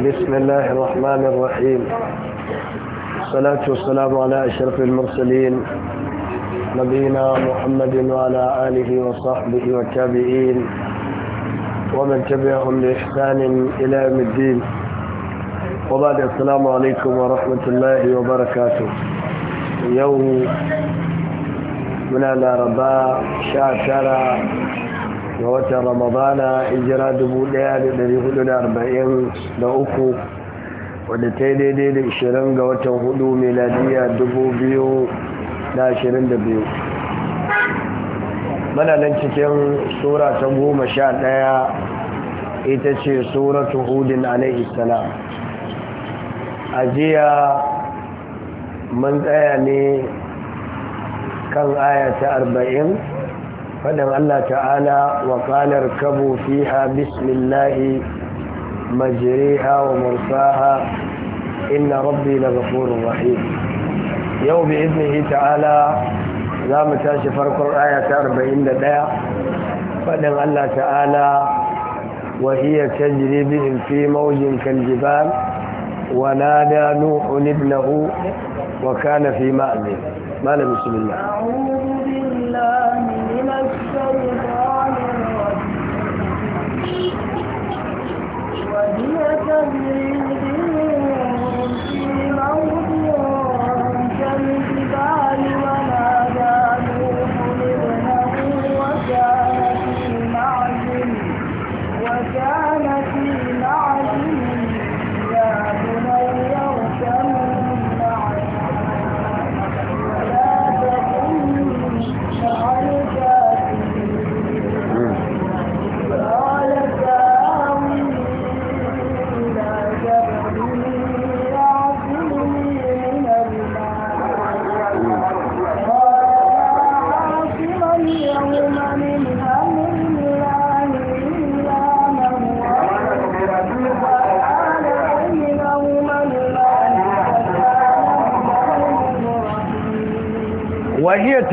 بسم الله الرحمن الرحيم الصلاة والسلام على أشرف المرسلين نبينا محمد وعلى آله وصحبه والتابعين ومن تبعهم بإحسان إلى يوم الدين وبعد السلام عليكم ورحمة الله وبركاته يوم من الأربعاء شهر ga watan ramadana ijira 1443 wadda ta yi daidai da 20 ga watan hudu meladiya 2022 mana nan cikin tsura ta goma sha ɗaya ita ce suratu hudin alaihi salam Ajiya jiya mun tsaya ne kan ayata arba'in فدر الله تعالى وقال اركبوا فيها بسم الله مجريها ومرساها إن ربي لغفور رحيم يوم بإذنه تعالى لا متاش فرق الآية أربعين لدى فدر الله تعالى وهي تجري بهم في موج كالجبال ونادى نوح ابنه وكان في مأذن ما بسم الله أعوذ Thank you.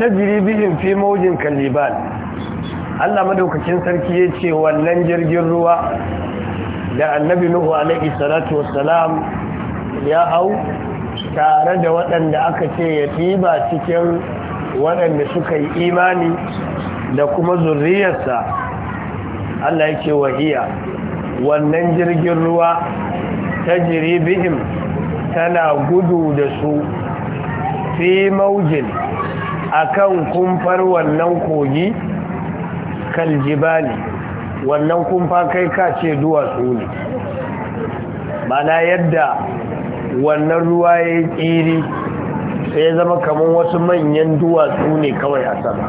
tajiri bihim fi mawjin kalliban Allah madaukakin sarki yace wannan jirgin ruwa da annabi nuhu alaihi salatu wassalam ya hau tare da waɗanda aka ce ya tiba cikin waɗanda suka yi imani da kuma zurriyarsa Allah yake wahiya wannan jirgin ruwa ta jiri bihim tana gudu da su fi maujin akan kumfar wannan kogi kaljibali wannan kumfa kai ka ce duwatsu ne mana yadda wannan ruwa ya kiri sai ya zama kamar wasu manyan duwatsu ne kawai a sama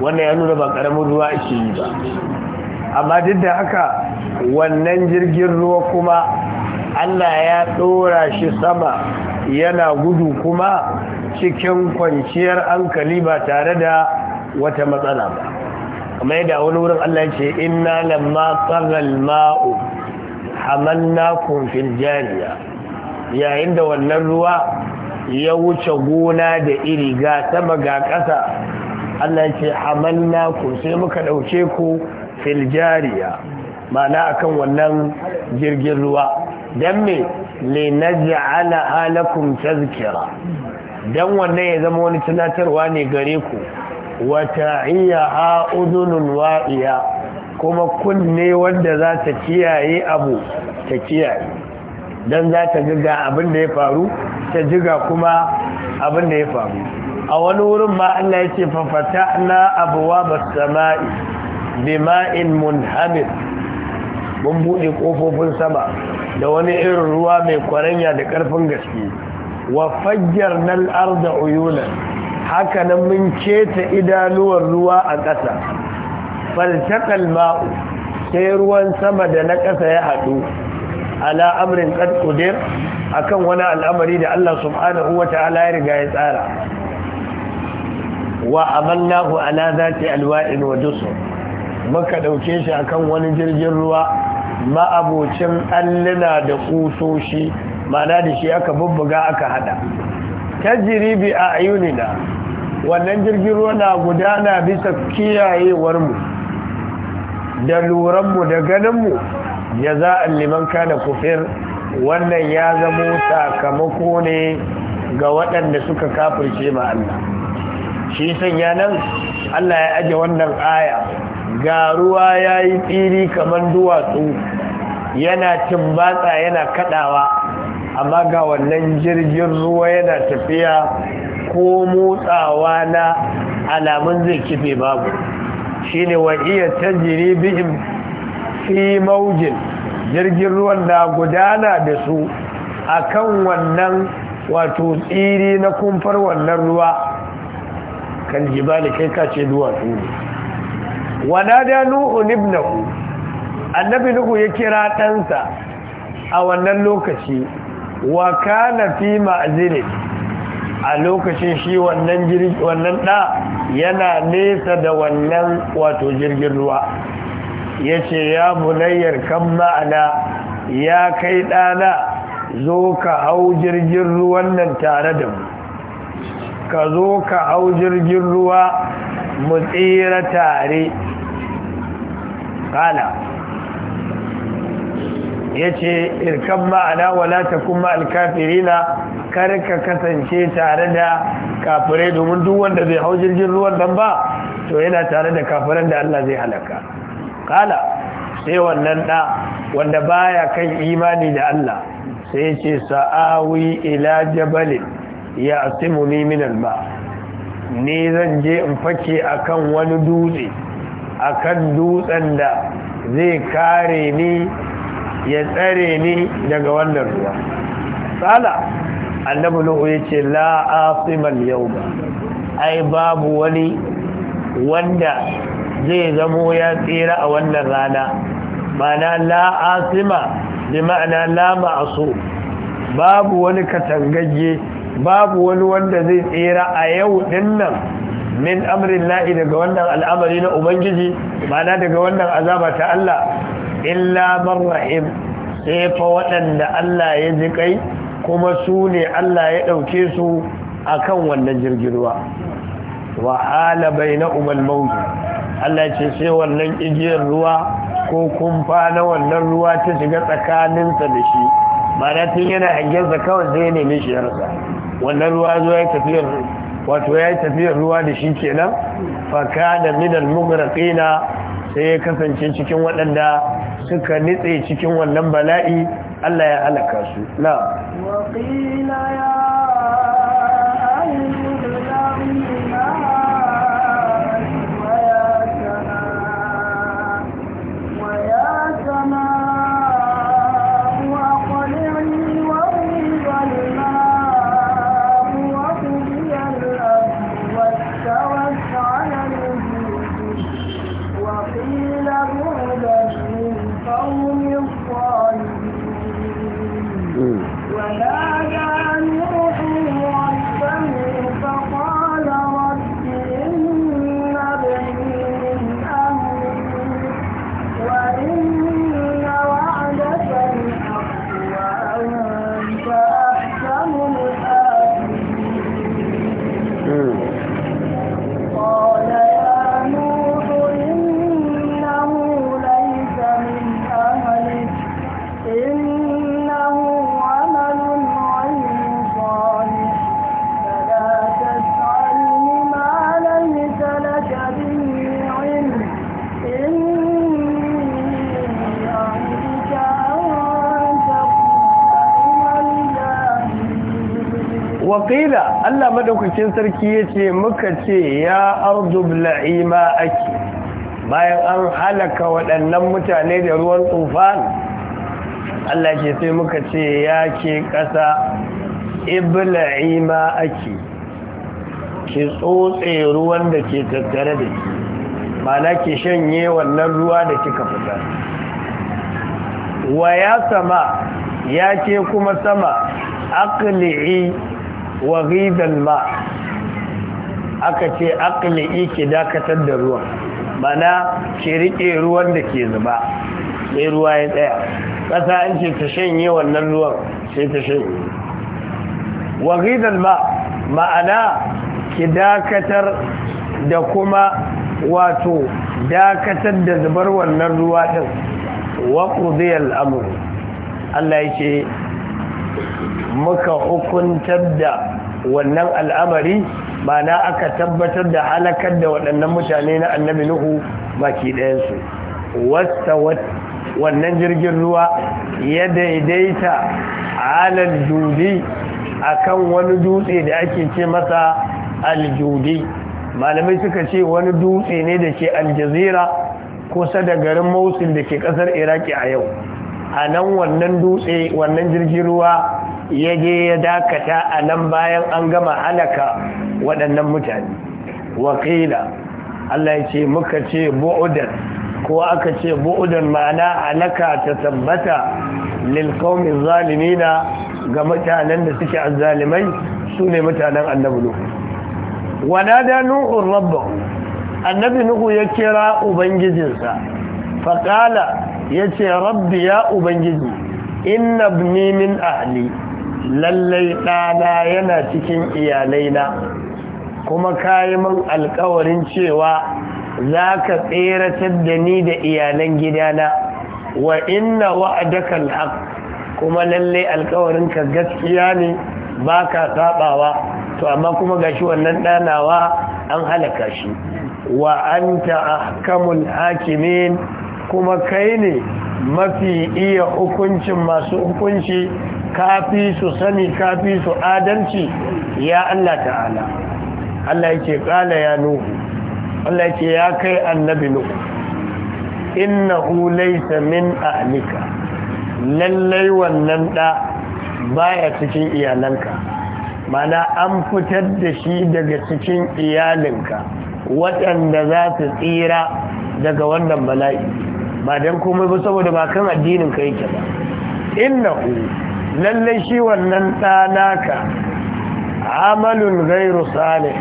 wannan ya nuna ba karamin ruwa ake yi ba amma duk da haka wannan jirgin ruwa kuma allah ya ɗora shi sama yana gudu kuma cikin kwanciyar hankali ba tare da wata matsala ba kamar yadda wani wurin Allah ya ce inna lamma tsagal ma'u hamalnakum fil jariya yayin da wannan ruwa ya wuce gona da iri ga sama ga ƙasa Allah ya ce kun sai muka dauke ku fil jariya ma'ana akan wannan jirgin ruwa dan me linaj'ala halakum tazkira dan wannan ya zama wani tunatarwa ne gare ku wata iya a udunun wa'iya kuma kunne wanda za ta kiyaye abu ta kiyaye dan za ta jiga abin da ya faru ta jiga kuma abin da ya faru a wani wurin ma Allah ya ce fafata na abuwa ba sama'i bima'in munhamid mun buɗe ƙofofin sama da wani irin ruwa mai kwaranya da ƙarfin gaske wa fajjar nan arda uyulan haka nan mun keta idanuwar ruwa a ƙasa faltakal ma'u sai ruwan sama da na ƙasa ya haɗu ala amrin qad qudir akan wani al'amari da Allah subhanahu wata'ala ya riga ya tsara wa amalnahu ala zati alwa'in wa dusu. muka ɗauke shi akan wani jirgin ruwa ma'abocin alluna da ƙusoshi mana da shi aka bubbuga aka hada Ta bi a ayunina wannan jirgin ruwa na gudana bisa kiyayewar mu da luran mu da ganin mu jaza'an liman kada kufir wannan ya zamo sakamako ne ga waɗanda suka kafirce ma Allah shi sanya nan Allah ya aje wannan aya ga ruwa yayi tsiri kamar duwatsu yana batsa yana kadawa amma ga wannan jirgin ruwa yana tafiya ko motsawa na alamun zai kife babu shi ne wa iya tajiri bihim fi maujin jirgin ruwan na gudana da su akan wannan wato tsiri na kumfar wannan ruwa kan jibali kai kace duwatsu ne wana da nuhu nibnahu annabi nuhu ya kira ɗansa a wannan lokaci wa kana fi ma'zili a lokacin shi wannan jirgi wannan da yana nesa da wannan wato jirgin ruwa yace ya bulayyar kan ma'ana ya kai ɗana zo ka hau jirgin ruwan nan tare da mu ka zo ka hau jirgin ruwa mu tsira tare kala ya ce irkan ma'ana wala ta kuma alkafirina karka kasance tare da kafirai domin duk wanda zai hau jirgin ruwan nan ba to yana tare da kafiran da Allah zai halaka kala sai wannan da wanda baya kan imani da Allah sai ya ce sa'awi ila jabalin ya asimuni min alma ni zan je in fake akan wani dutse akan dutsen da zai kare ni ya tsare ni daga wannan ruwa tsala annabi nuhu ya ce la'asimal yau ba ai babu wani wanda zai zamo ya tsira a wannan rana mana la'asima bi ma'ana la ma'asu babu wani katangagge babu wani wanda zai tsira a yau dinnan min amrin la'i daga wannan al'amari na ubangiji mana daga wannan azaba ta Allah illa man rahim sai fa waɗanda Allah ya ji kai kuma su ne Allah ya ɗauke su akan wannan jirgin ruwa wa hala na al-mawj Allah ce sai wannan igiyar ruwa ko kumfa na wannan ruwa ta shiga tsakaninsa da shi ba na tun yana hangensa kawai zai nemi shi wannan ruwa ya tafiyar wato ya yi tafiyar ruwa da shi kenan faka da minal mugraqina sai ya kasance cikin waɗanda suka nitse cikin wannan bala'i Allah ya halaka su na waƙila ya maɗaukakin sarki ya ce muka ce ya ardu bla'i ake bayan an halaka waɗannan mutane da ruwan tsufan Allah ke sai muka ce ya ke ƙasa ibla'i ake ki tsotse ruwan da ke tattare da ke mana ke shanye wannan ruwa da kika fita wa ya sama ya ke kuma sama akli wa ma aka ce aqli ki dakatar da ruwan mana ki rike ruwan da ke zuba sai ruwa ya tsaya kasa an ce ta shanye wannan ruwan sai ta shanye wa ghidal ma ma'ana ki dakatar da kuma wato dakatar da zubar wannan ruwa din wa qudiyal amr Allah yake muka hukuntar da wannan al'amari na aka tabbatar da halakar da waɗannan mutane na annabi nuhu baki ɗayansu wasta wannan jirgin ruwa ya daidaita alal a kan wani dutse da ake ce masa aljudi malamai suka ce wani dutse ne da ke aljazira kusa da garin mausul da ke kasar iraki a yau a nan wannan dutse wannan jirgin ruwa ya je ya dakata a nan bayan an gama halaka waɗannan mutane wakila Allah ya ce muka ce bu'udan ko aka ce bu'udan ma'ana halaka ta tabbata lilkaumin zalimina ga mutanen da suke azzalimai su ne mutanen annabi nuhu wanada nuhu rabbahu annabi nuhu ya kira ubangijinsa faƙala ya ce rabbi ya ubangiji inna ibni min ahli lallai ɗana yana cikin iyalai na. kuma kayi min alkawarin cewa za ka tseratar da ni da iyalan gidana wa inna wa'adaka alhaq kuma lallai ka gaskiya ne ba ka sabawa to amma kuma gashi wannan ɗanawa an halaka shi wa anta ahkamul hakimin kuma kai ne mafi iya hukuncin masu hukunci kafi su sani kafi su adalci ya Allah ta'ala Allah yake kala ya nuhu Allah yake ya kai annabi nuhu innahu laysa min ahlika lallai wannan da baya cikin iyalanka mana an fitar da shi daga cikin iyalinka waɗanda za su tsira daga wannan bala'i ba don komai ba saboda ba kan addinin ka yake ba innahu lallai shi wannan ɗanaka amalun gairu sale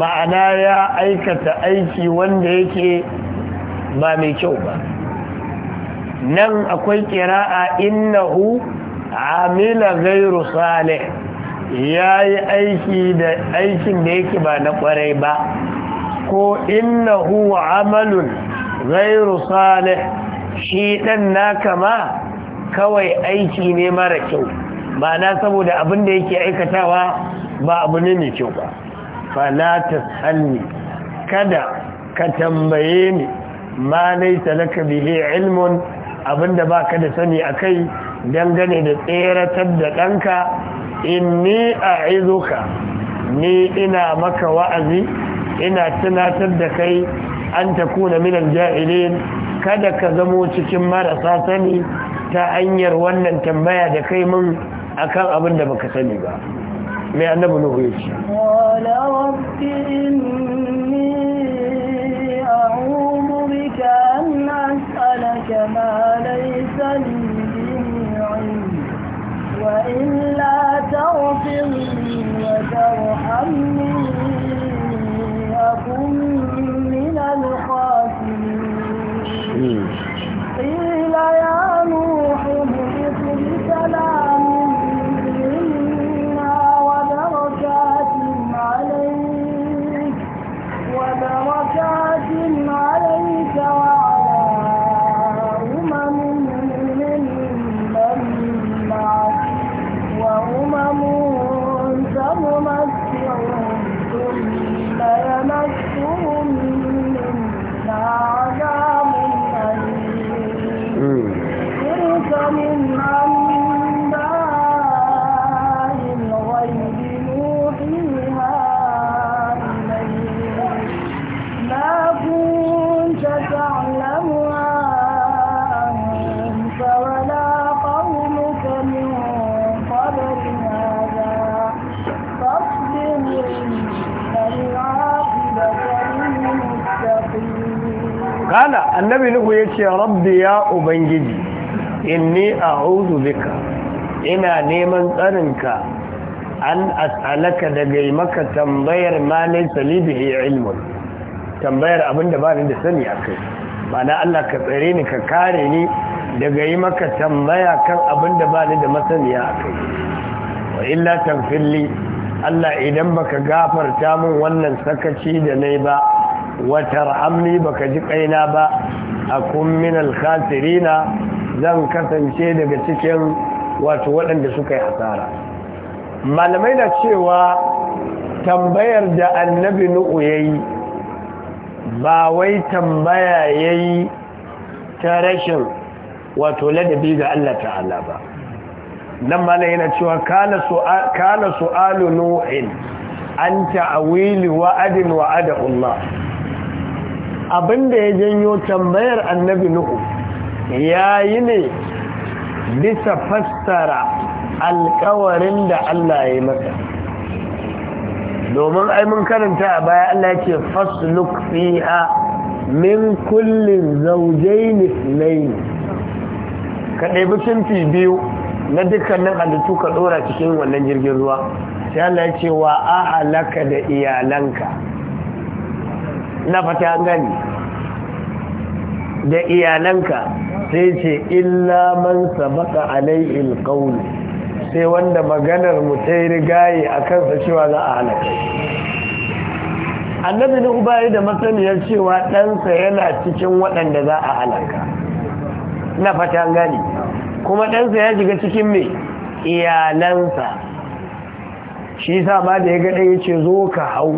ma'ana ya aikata aiki wanda yake ba mai kyau ba nan akwai kira'a innahu amila gairu sale ya yi aiki da aikin da yake ba na kwarai ba ko innahu amalun gairu sale shi ɗan naka ma kawai aiki ne mara kyau ma'ana saboda abin da yake aikatawa ba abu ne mai kyau ba ta sanni. kada ka tambaye ni ma laisa laka bihi ilmun ba baka da sani akai dangane da tseratar da ni a a'izuka ni ina maka wa'azi ina tunatar da kai an ta kuna minan ja'ilin. kada ka zamo cikin marasa sani ta hanyar wannan tambaya da kai mun akan abin da baka sani ba mai annabi nuhu ya ce ce rabbi ya ubangiji inni a'udhu bika ina neman tsarinka an as'alaka daga maka tambayar ma salibi ya bihi tambayar abinda ba ni da sani a ba mana Allah ka tsere ni ka kare ni daga yi maka tambaya kan abinda ba ni da masaniya kai wa illa tamfili Allah idan baka gafarta min wannan sakaci da nayi ba watar amni baka ji kaina ba a kun alkhasirina zan kasance daga cikin wato waɗanda suka yi hasara malamai na cewa tambayar da annabi nu'u yi, ba wai tambaya ya yi ta rashin wato ladabi ga Allah ta'ala ba nan malamai yana cewa kana su kana su'alu nu'in an ta'awili wa'adin wa'ada Allah abinda ya janyo tambayar annabi nuhu ya yi ne bisa fassara alkawarin da Allah ya yi masa domin ai mun karanta a baya Allah ce fasluk fiha min kullin zawjayn ithnayn ka ɗebi cinti biyu na dukkanin halittu ka ɗora cikin wannan jirgin ruwa sai Allah ya ce wa ahalaka da iyalanka na fata gani da iyalanka sai ce illa man sabaka alaihi alqawl sai wanda maganar mu ta rigaye akan sa cewa za a halaka annabi ne ubayi da masaniyar cewa ɗansa yana cikin waɗanda za a halaka na fata gani kuma ɗansa ya shiga cikin mai iyalansa shi sa ba da ya ga ɗaya ce zo ka hau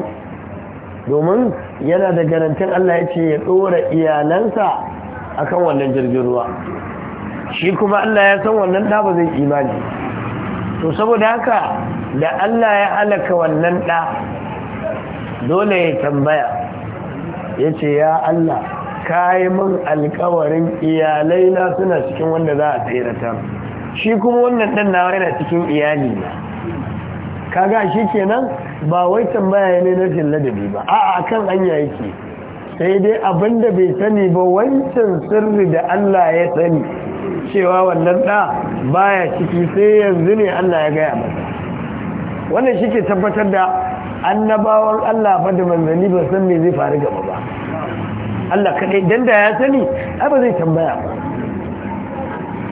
domin yana da garantin Allah ya ce ya dora iyalansa a kan wannan jirgin ruwa shi kuma Allah ya san wannan ɗa ba zai imani to saboda haka da Allah ya alaka wannan ɗa dole ya tambaya ya ce ya Allah kayi alkawarin iyalai na suna cikin wanda za a ta. shi kuma wannan ɗan na yana cikin iyali na kaga shi kenan ba wai tambaya ne na jalladabi ba a'a akan anya yake sai dai abinda bai sani ba wancan sirri da Allah ya sani cewa wannan da baya ciki sai yanzu ne Allah ya gaya masa wannan shike tabbatar da annabawan Allah fa da manzanni ba san me zai faru gaba ba Allah kadai dan da ya sani ai ba zai tambaya ba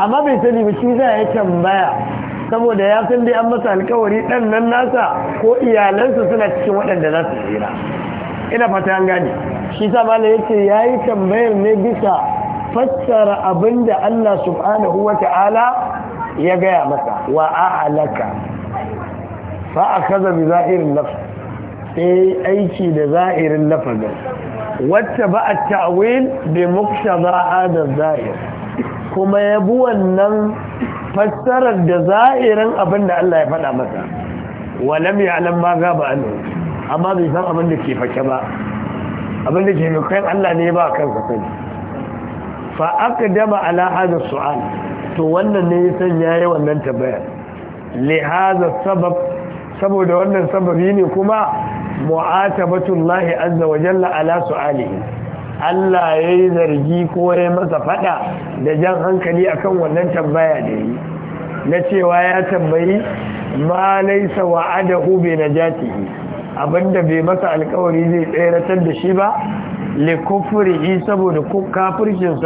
amma bai sani ba shi za ya tambaya saboda ya san dai an masa alkawari ɗannan nan nasa ko iyalansa suna cikin waɗanda za su tsira ina fata an gane shi sa malam ya ce ya tambayar ne bisa fassara abinda da Allah subhanahu wa ta'ala ya gaya masa wa a'alaka fa akaza bi zahirin nafs sai eh, aiki da zahirin lafazin wacce ba a ta'awil bi muktaba hada zahir kuma yabu wannan fassarar da za'irin abin da Allah ya faɗa masa walam ya'lam ma gaba anhu amma bai san abin da ke fake ba abin da ke mukayin Allah ne ba kan kansa sani fa aqdama ala hadha su'al to wannan ne ya sanya yayi wannan tabbayar li hadha sabab saboda wannan sababi ne kuma mu'atabatullahi azza wa jalla ala su'alihi Allah ya yi zargi ko ya masa fada da jan hankali akan wannan tambaya da yi na cewa ya tambayi ma laisa wa'adahu na jati abinda bai masa alkawari zai tseratar da shi ba kufuri yi saboda kafircin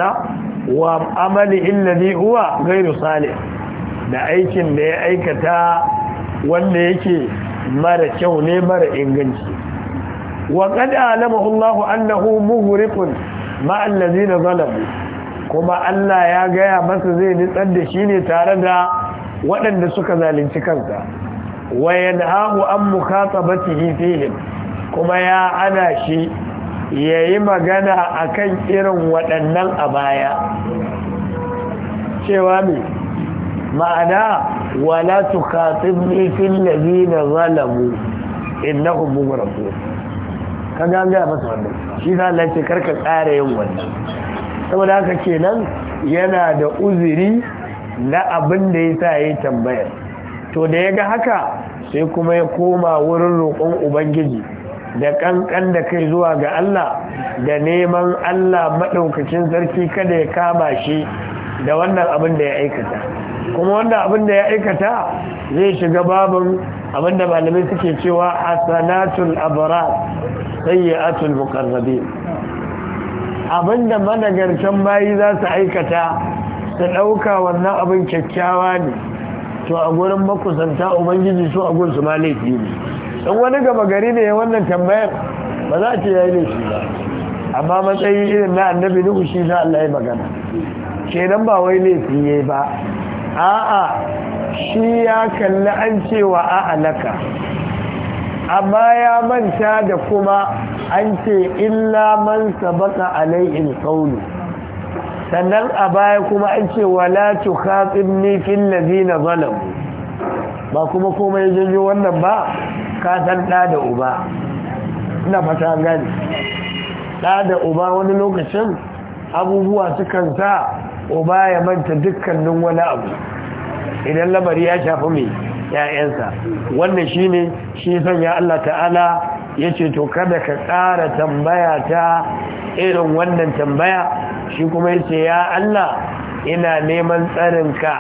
wa amali zai uwa gairu salih da aikin da ya aikata wanda yake mara kyau ne mara inganci وقد أعلمه الله أنه مغرق مع الذين ظلموا كما ألا يا جاي بس زي نتقد شيني تاردا وأن نسك ذلك كذا وينهاه عن مخاطبته فيهم كما يا أنا شي yayi magana akan irin waɗannan a baya cewa me ma'ana wala tukhatibni fil ladina zalamu innahum mughraqun kaga ga gaya masa wannan shi sa Allah ce karka ƙara yin wannan saboda haka kenan yana da uzuri na abin da ya sa ya tambayar to da ya ga haka sai kuma ya koma wurin roƙon ubangiji da ƙanƙan da kai zuwa ga Allah da neman Allah maɗaukacin sarki kada ya kama shi da wannan abin da ya aikata kuma wannan abin da ya aikata zai shiga babin abinda malamai suke cewa asanatul abrar sayyatul muqarrabin abinda managarcan bayi za su aikata su dauka wannan abin kyakkyawa ne to a gurin makusanta ubangiji su a gurin su ma laifi ne dan wani gaba gari ne wannan tambayar ba za a ce yayi laifi ba amma matsayi irin na annabi nuhu shi za Allah ya magana kenan ba wai laifi yayi ba a'a shi ya kalli an cewa a'alaka amma ya manta da kuma an ce illa man sabaka alaihi kaunu sannan a baya kuma an ce wala tukhatibni fil ladina zalam, ba kuma komai janyo wannan ba ka san da da uba ina fata gani da da uba wani lokacin abubuwa sukan sa uba ya manta dukkanin wani abu idan lamari ya shafi mai ‘ya'yansa wannan shi ne shi sanya Allah ta'ala ya ce to kada ka ƙara tambaya ta irin wannan tambaya shi kuma ya ce ya Allah ina neman tsarinka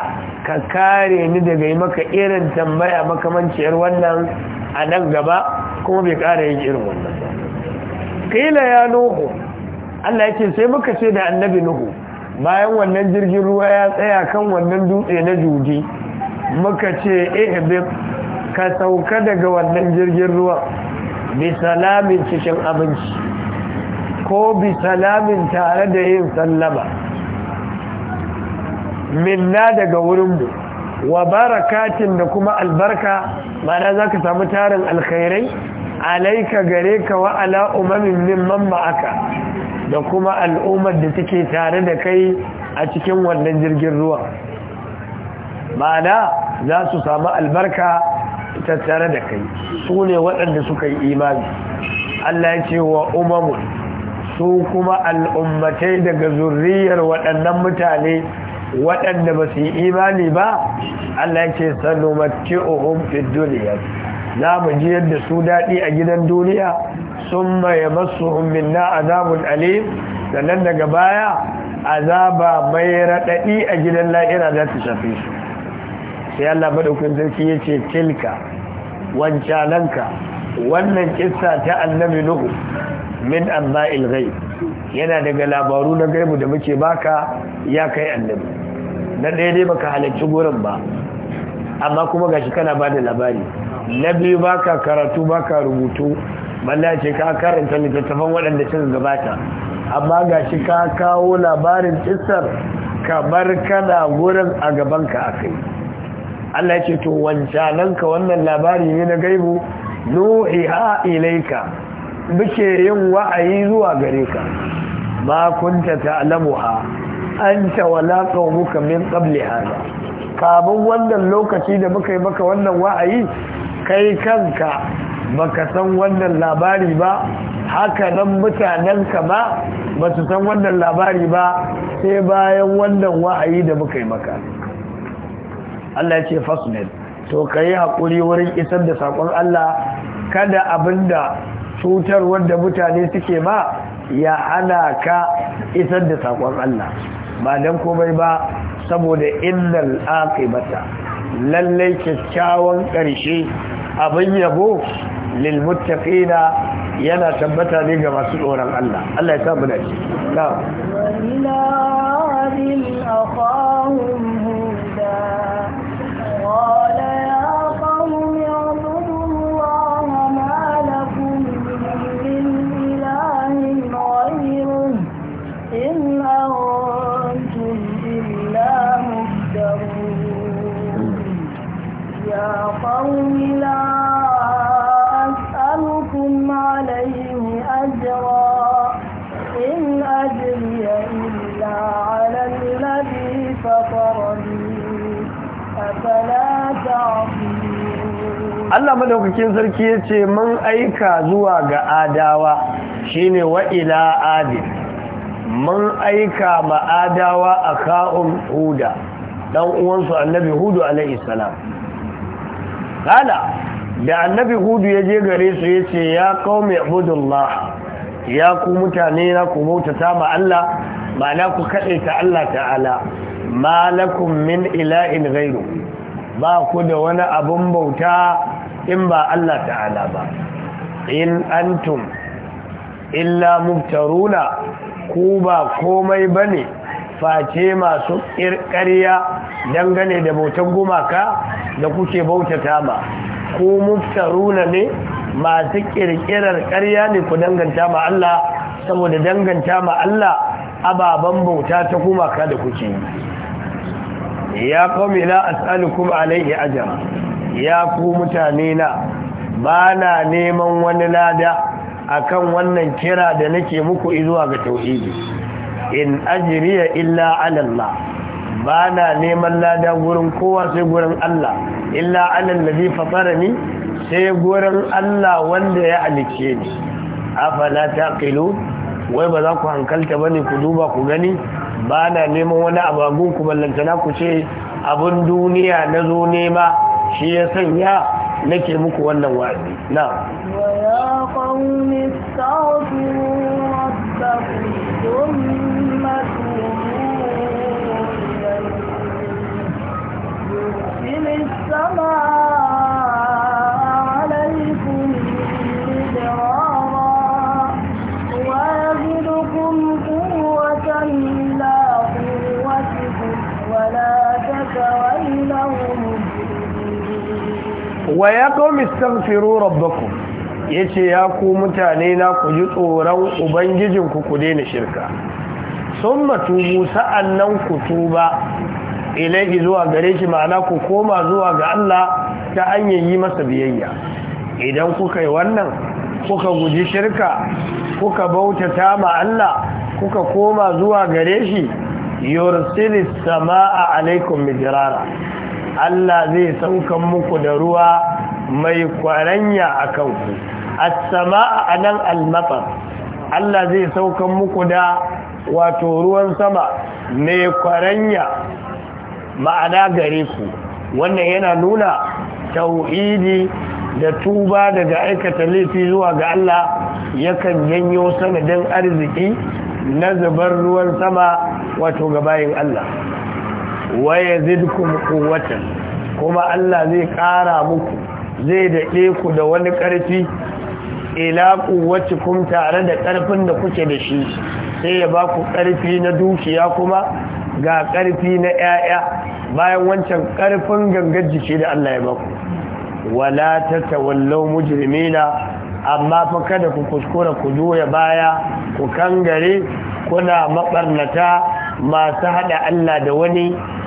ka kare ni daga yi maka irin tambaya makamanciyar wannan a nan gaba kuma bai ƙara yin irin wannan ba. ya nuhu Allah ya ce sai muka ce da annabi nuhu bayan wannan jirgin ruwa ya tsaya kan wannan dutse na juji muka ce ihbib ka sauka daga wannan jirgin ruwa bi salamin cikin abinci ko bi tare da yin sallama minna daga wurinmu wa barakatin da kuma albarka mana za ka samu tarin alkhairai alaika gare ka wa ala min mamma aka da kuma al'ummar da suke tare da kai a cikin wannan jirgin ruwa ma'ana za su samu albarka ta tare da kai su ne waɗanda suka yi imani Allah ya ce wa umamu su kuma al'ummatai daga zurriyar waɗannan mutane waɗanda ba su yi imani ba Allah ya ce sanumatti'uhum fid duniya za mu ji yadda su daɗi a gidan duniya summa yamassuhum minna azabun alim sannan daga baya azaba mai raɗaɗi a gidan la'ira za ta shafi su sai Allah madaukakin sarki yace tilka wancananka wannan kissa ta annabi nuhu min anba'il ghaib yana daga labaru na gaibu da muke baka ya kai annabi na ɗaya dai baka halarci gurin ba amma kuma gashi kana bada labari na biyu baka karatu baka rubutu balla ce ka karanta littattafan waɗanda suka gabata amma ga shi ka kawo labarin ƙisar ka bar kana gurin a gabanka kai. Allah ce to wancananka wannan labari ne na gaibu nuhiha ilaika muke yin wa'ayi zuwa gare ka ma kunta An anta wala qaumuka min qabli hada kafin wannan lokaci da muka yi maka wannan wa'ayi kai kanka baka san wannan labari ba haka nan mutanenka ba ba su san wannan labari ba sai bayan wannan wa'ayi da muka yi maka Allah ya ce fasnel to ka yi haƙuri wurin isar da saƙon Allah kada abinda cutar wanda mutane suke ma ya ana ka isar da saƙon Allah ba don komai ba saboda innal aqibata lallai kyakkyawan ƙarshe abin yabo للمتقين ينا تبتا ديجا مسؤولا الله الله يتابنا شيء لا نعم. وإلى عاد أخاهم هدى قال يا قوم اعبدوا الله ما لكم من إله غيره إن أنتم إلا مفترون يا قوم لا Allah madaukakin sarki ya ce mun aika zuwa ga adawa shine wa ila adi mun aika ma adawa a ka'un huda dan uwansu annabi hudu alaihi salam kala da annabi hudu ya je gare su ya ce ya qaumi ibudullah ya ku mutane na ku mutata ma Allah ma'ana ku kaɗe ta Allah ta'ala ma lakum min ila'in gairu ba ku da wani abun bauta in ba Allah ta'ala ba in antum illa Muftaruna, ku ba komai bane face masu ƙirƙariya dangane da bautan gumaka da kuke bautata ba ku Muftaruna ne masu ƙirƙirar ƙarya ne ku danganta ma Allah saboda danganta ma Allah ababen bauta ta gumaka da kuke yi ya qawmi la as'alukum alayhi ajra ya ku mutane na bana neman wani lada akan wannan kira da nake muku izuwa ga tauhidi in ajriya illa ala Allah na neman lada gurin kowa sai gurin Allah illa ala allazi fatarani sai gurin Allah wanda ya alike ni afala taqilu wai ba za ku hankalta bane ku duba ku gani ba na neman wani abagun ku ballantana ku ce abin duniya na zo nema shi ya sanya nake muku wannan wa'azi na on. wa ya qaumi astaghfiru rabbakum yace ya ku mutane na ku ji tsoron ubangijinku ku daina shirka sun sa'an sa'annan ku tuba ilaihi zuwa gare shi ma'ana ku koma zuwa ga Allah ta hanyar yi masa biyayya idan kuka yi wannan kuka guji shirka kuka bautata ma Allah kuka koma zuwa gare shi yursilis sama'a alaikum mijrara Allah zai saukan muku da ruwa mai kwaranya a kanku Asama samaa anan al-matar Allah zai saukan muku da wato ruwan sama mai kwaranya ma'ana gare ku wannan yana nuna tauhidi da tuba daga aikata laifi zuwa ga Allah yakan janyo sanadin arziki na zubar ruwan sama wato ga bayin Allah waye zidkum quwwatan kuma Allah zai kara muku zai daɗe ku da wani ƙarfi ila quwwatikum tare da ƙarfin da kuke da shi sai ya ba ku ƙarfi na dukiya kuma ga ƙarfi na yaya bayan wancan ƙarfin gangar jiki da Allah ya ba ku wala tatawallaw mujrimina amma fa kada ku kuskura ku doya baya ku kangare kuna maɓarnata masu haɗa Allah da wani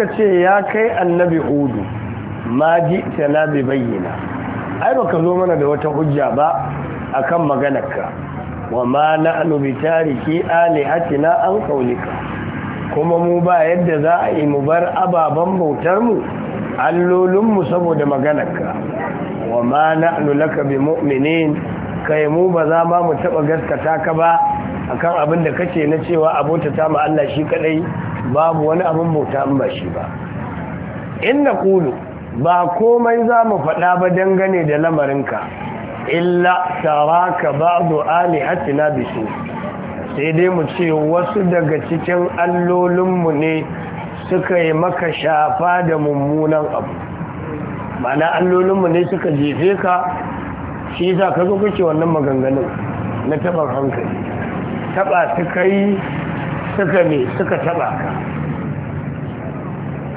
suka ce ya kai annabi hudu ma ji tana bi bayyana ai baka zo mana da wata hujja ba akan maganarka wa ma na bi tariki hatina an qaulika kuma mu ba yadda za a yi mu bar ababen bautar mu allolin mu saboda maganarka wa ma na laka bi mu'minin kai mu ba za ma mu taba gaskata ka ba akan abin da kace na cewa abota ta mu Allah shi kadai babu wani abin bauta in ba shi ba inda kulu ba komai za mu faɗa ba dangane da lamarinka illa taraka ba'du alihatina bisu sai dai mu ce wasu daga cikin allolinmu ne suka yi maka shafa da mummunan abu mana allolinmu ne suka jefe ka shi za ka zo kake wannan maganganun na taɓar hankali taɓa su kai suka mai suka taba ka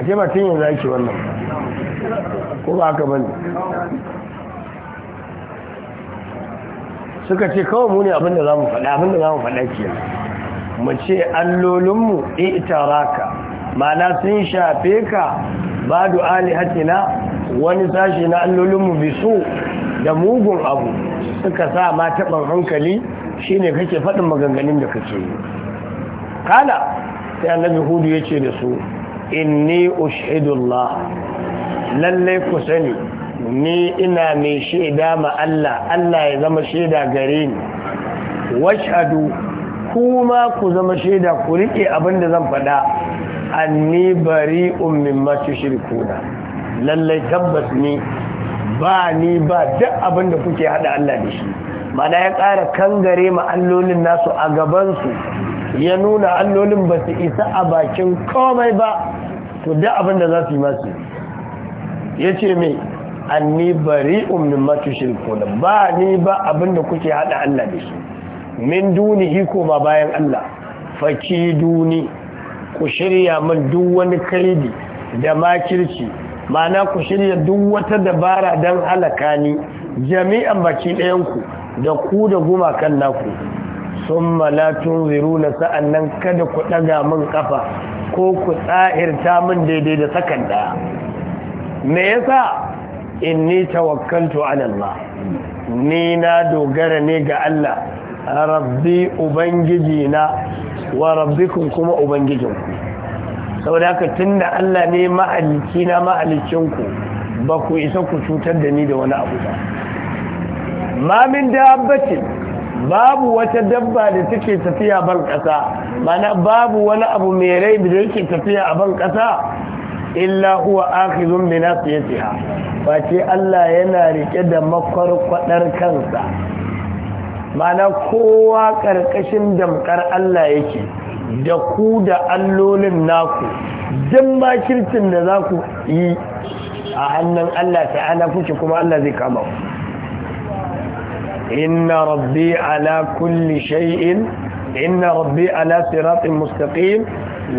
a ce ba tun yanzu ake wannan ko ba ka bane suka ce kawai mu ne abinda za mu faɗa abinda za mu faɗa ke mu ce allolinmu itaraka mana sun shafe ka ba du'ali hatina wani sashi na allolinmu so da mugun abu suka sa ma taɓin hankali shine kake faɗin maganganun da kake yi kala sai annabi hudu ya ce da su inni ushidullah lallai ku sani ni ina mai shaida ma Allah Allah ya zama shaida gare ni washadu kuma ku zama shaida ku rike abin da zan faɗa anni bari'un mimma shirkuna lallai tabbas ni ba ni ba duk abin da kuke haɗa Allah da shi mana ya ƙara kangare ma allolin nasu a gabansu ya nuna allolin ba su isa a bakin komai ba to da abin da za su yi masu ya ce mai ni bari umarnin matu shirkuna ba ni ba abin da kuke haɗa Allah da shi min duni iko ma bayan Allah faki duni ku shirya min duk wani kaidi da makirci mana ku shirya duk wata dabara don halaka ni jami'an baki ɗayanku da ku da gumakan naku sun malatun na sa'an nan kada ku ɗaga min ƙafa ko ku tsa'irta min daidai da sakan ɗaya me yasa ni tawakkantu an Allah ni na dogara ne ga Allah rabbi ubangiji na wa rabbikum kuma ubangijinku Sau aka haka da Allah ne ma'aliki na ma'alikinku ba ku isa ku cutar da ni da wani abu ba Mamin min babu wata dabba da take tafiya ban ƙasa mana babu wani abu mai rai da yake tafiya a ban ƙasa illa huwa akhizun bi nasiyatiha Wace Allah yana rike da makwarkwadar kansa mana kowa karkashin damkar Allah yake da ku da allolin naku dan makircin da za ku yi a hannun Allah ta'ala kuke kuma Allah zai kama ku inna rabbi ala kulli shai'in, inna rabbi ala siratin mustaqim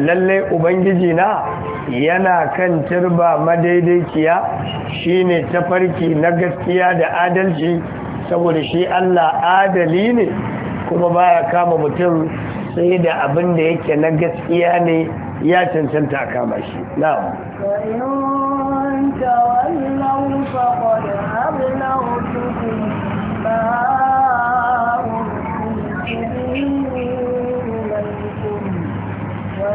lalle ubangiji na yana kan turba madaidaiciya shine tafarki na gaskiya da adalci saboda shi Allah adali ne kuma baya kama mutum sai da abin da yake na gaskiya ne ya cancanta a kama shi na'am فإن تولوا فقد أبلغتكم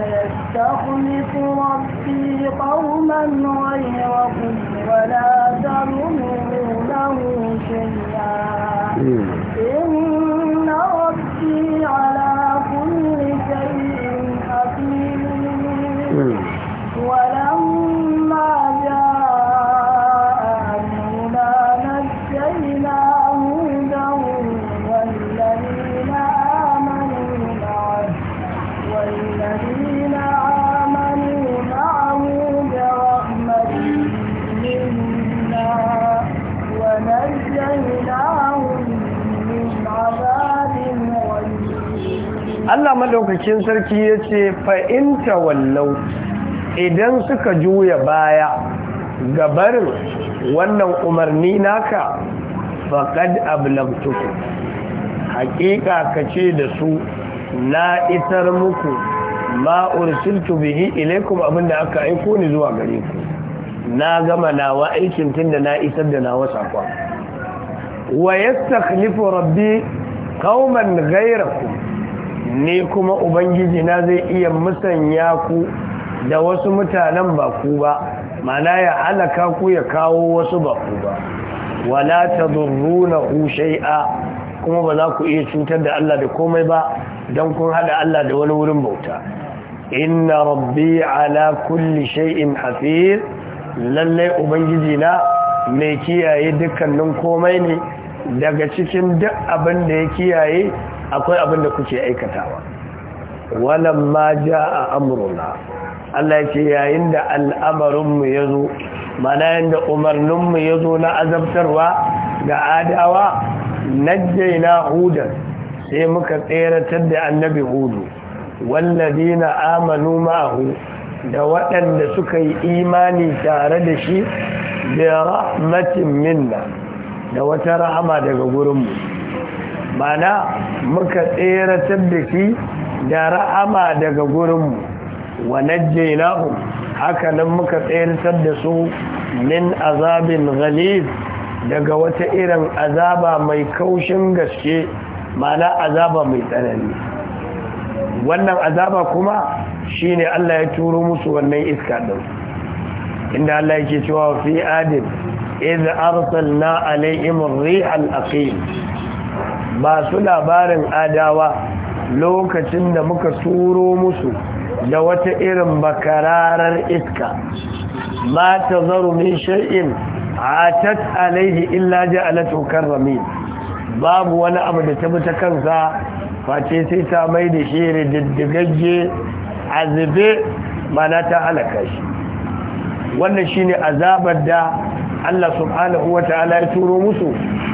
يستخلف ربي قوما غيركم ولا تظنونه شيئا إن ربي على Allah madaukakin sarki ya ce fa'inta wallau idan suka juya baya gabarin wannan umarni naka faƙad ablabtuku haƙiƙa ka ce da su na isar muku ma'ur siltu bihi ilaikum abinda aka aiko ni zuwa gare ku na gama nawa aikin tun da na isar da nawa saƙon wa yastakhlifu rabbi qauman ghayrakum ne kuma ubangiji na zai iya musanya ku da wasu mutanen ba ku ba mana ya halaka ku ya kawo wasu ba ku ba wala tadurruna hu shay'a kuma ba za ku iya cutar da Allah da komai ba dan kun hada Allah da wani wurin bauta inna rabbi ala kulli shay'in hafiz lallai ubangiji na mai kiyaye dukkanin komai ne daga cikin duk abin da ya kiyaye akwai abin da kuke aikatawa ma ja a amurona Allah ya ce yayin da al'amarinmu ya zo mana yadda umarninmu ya zo na azabtarwa da adawa na jaina hudar sai muka tseratar da annabi hudu na amanu ma'ahu da waɗanda suka yi imani tare da shi da rahmatin minna da wata rahama daga gurinmu mana muka tseratar da da ra'ama daga gurinmu wa najjaynahum hakanan muka tseratar da su min azabin ghalib daga wata irin azaba mai kaushin gaske mana azaba mai tsanani wannan azaba kuma shine Allah ya turo musu wannan iska din inda Allah yake cewa fi adin idh arsalna alaihim ar-rih al-aqim masu labarin adawa lokacin da muka turo musu da wata irin bakararar iska ma ta zaru min shay'in atat alaihi illa ja'alatu karramin babu wani abu da ta bi ta kansa face sai ta mai da shi rididdigagge azube mana ta halaka shi wannan shine azabar da Allah subhanahu Ta'ala ya turo musu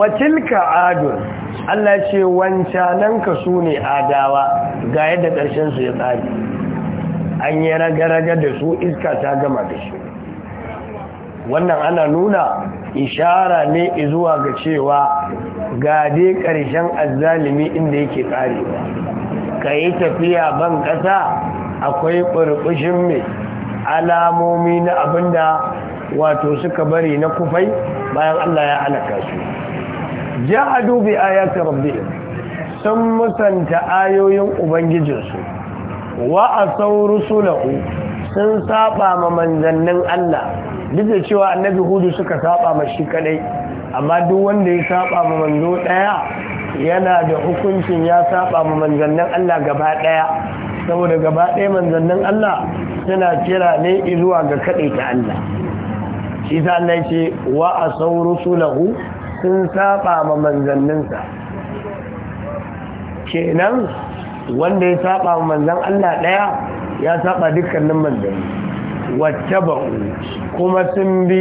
watilka adun Allah ce wancanan ka su ne adawa ga yadda ƙarshen su ya tsari an yi raga-raga da su iska ta gama da shi wannan ana nuna ishara ne zuwa ga cewa ga dai ƙarshen azzalimi inda yake ƙarewa ka yi tafiya ban ƙasa akwai ɓurɓushin mai alamomi na abinda wato suka bari na kufai bayan Allah ya alaka su jahadu bi ayati rabbihim sun musanta ayoyin ubangijinsu wa asaw rusulahu sun saba ma manzannin Allah duk da cewa annabi hudu suka saba ma shi kadai amma duk wanda ya saba ma manzo daya yana da hukuncin ya saba ma manzannin Allah gaba daya saboda gaba daya manzannin Allah suna kira ne zuwa ga ta Allah shi sa Allah ya ce wa asaw rusulahu sun saba ma manzanninsa kenan wanda ya saba ma manzan Allah daya ya saba dukkanin manzanni wattaba'u kuma sun bi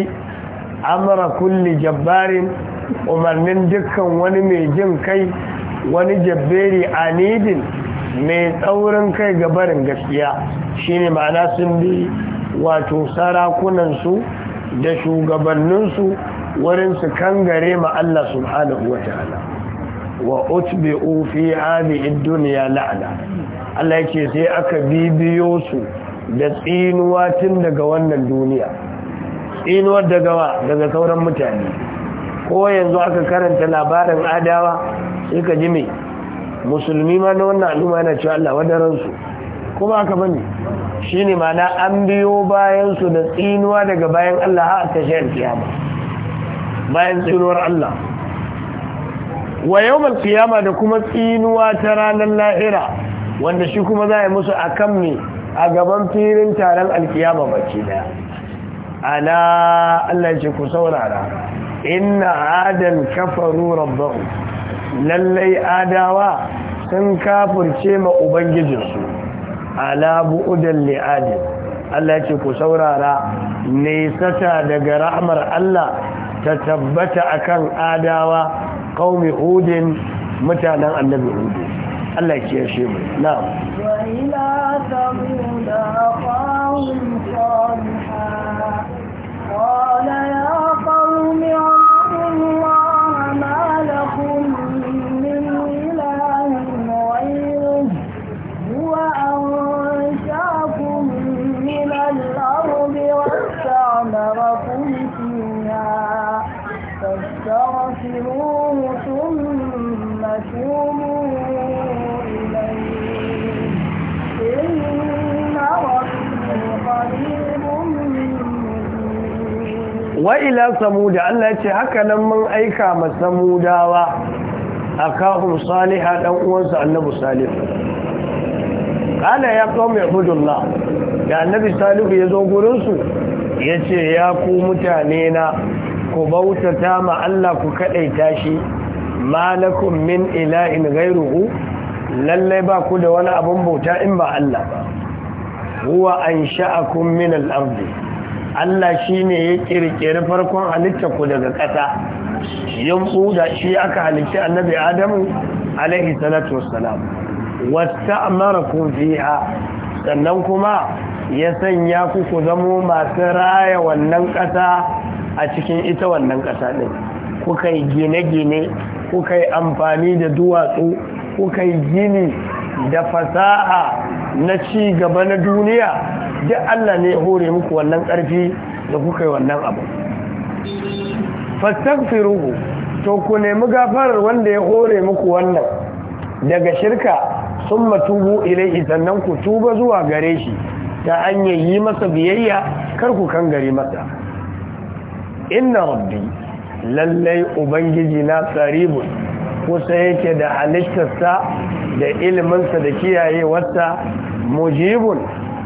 amara kulli jabbarin umarnin dukkan wani mai jin kai wani jabberi anidin mai tsaurin kai ga barin gaskiya shine ma'ana sun bi wato sarakunansu da shugabanninsu wurin su kangare ma Allah subhanahu wa ta'ala wa utbi'u fi hadhihi dunya la'ala Allah yake sai aka bibiyo su da tsinuwa tun daga wannan duniya tsinuwar daga wa daga sauran mutane ko yanzu aka karanta labarin adawa sai ka ji me musulmi ma na wannan al'umma yana cewa Allah daransu. kuma aka bane shine ma'ana an biyo bayan su da tsinuwa daga bayan Allah har ta shayar kiyama bayan tsinuwar Allah wa yawmal da kuma tsinuwa ta ranar lahira wanda shi kuma za a musu akan ne a gaban filin taron alkiyama baki daya ana Allah ce ku saurara inna adan kafaru rabbahu lallai adawa sun kafurce ma ubangijinsu ala bu'udan li'adin Allah ce ku saurara nesata daga rahmar Allah ta tabbata akan adawa qaumi hudin mutanen annabi hudu Allah ya shi mu na'am wa ila wa'ila samuda Allah ce haka nan mun aika ma samudawa a kahun saliha ɗan uwansa annabi salihu ƙala ya kawo mai hudunla da annabi salihu ya zo gurinsu ya ce ya ku mutane na ku bautata ma Allah ku kaɗaita shi malakun min ila'in gairuhu lallai ba ku da wani abun bauta in ba Allah ba huwa an sha'akun min al'arzi Allah shi ne ya ƙirƙiri farkon halitta ku daga ƙasa yin ƙuda shi aka halitta annabi adamu alaihi salatu wassalam wata mara ha? sannan kuma ya sanya ku ku zamo masu raya wannan ƙasa a cikin ita wannan ƙasa ɗin kuka yi gine-gine kuka yi amfani da duwatsu kuka yi gini da fasaha na ci gaba na duniya duk Allah ne ya hore muku wannan ƙarfi da kuka yi wannan abu fastaghfiruhu to ku nemi gafarar wanda ya hore muku wannan daga shirka sun matubu ilai sannan ku tuba zuwa gare shi ta hanyar yi masa biyayya kar ku gari masa inna rabbi lallai ubangiji na tsaribun kusa yake da halittarsa da iliminsa da kiyaye kiyayewarsa mujibun